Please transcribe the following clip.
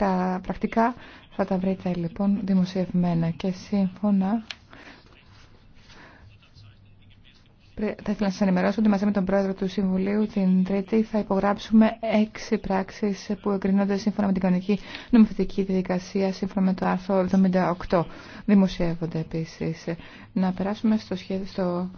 Τα πρακτικά θα τα βρείτε λοιπόν δημοσιευμένα και σύμφωνα θα ήθελα να σα ενημερώσω ότι μαζί με τον πρόεδρο του Συμβουλίου την Τρίτη θα υπογράψουμε έξι πράξει που εγκρίνονται σύμφωνα με την κανονική νομοθετική διαδικασία, σύμφωνα με το άρθρο 78. Δημοσιεύονται επίση. Να περάσουμε στο, σχέδιο, στο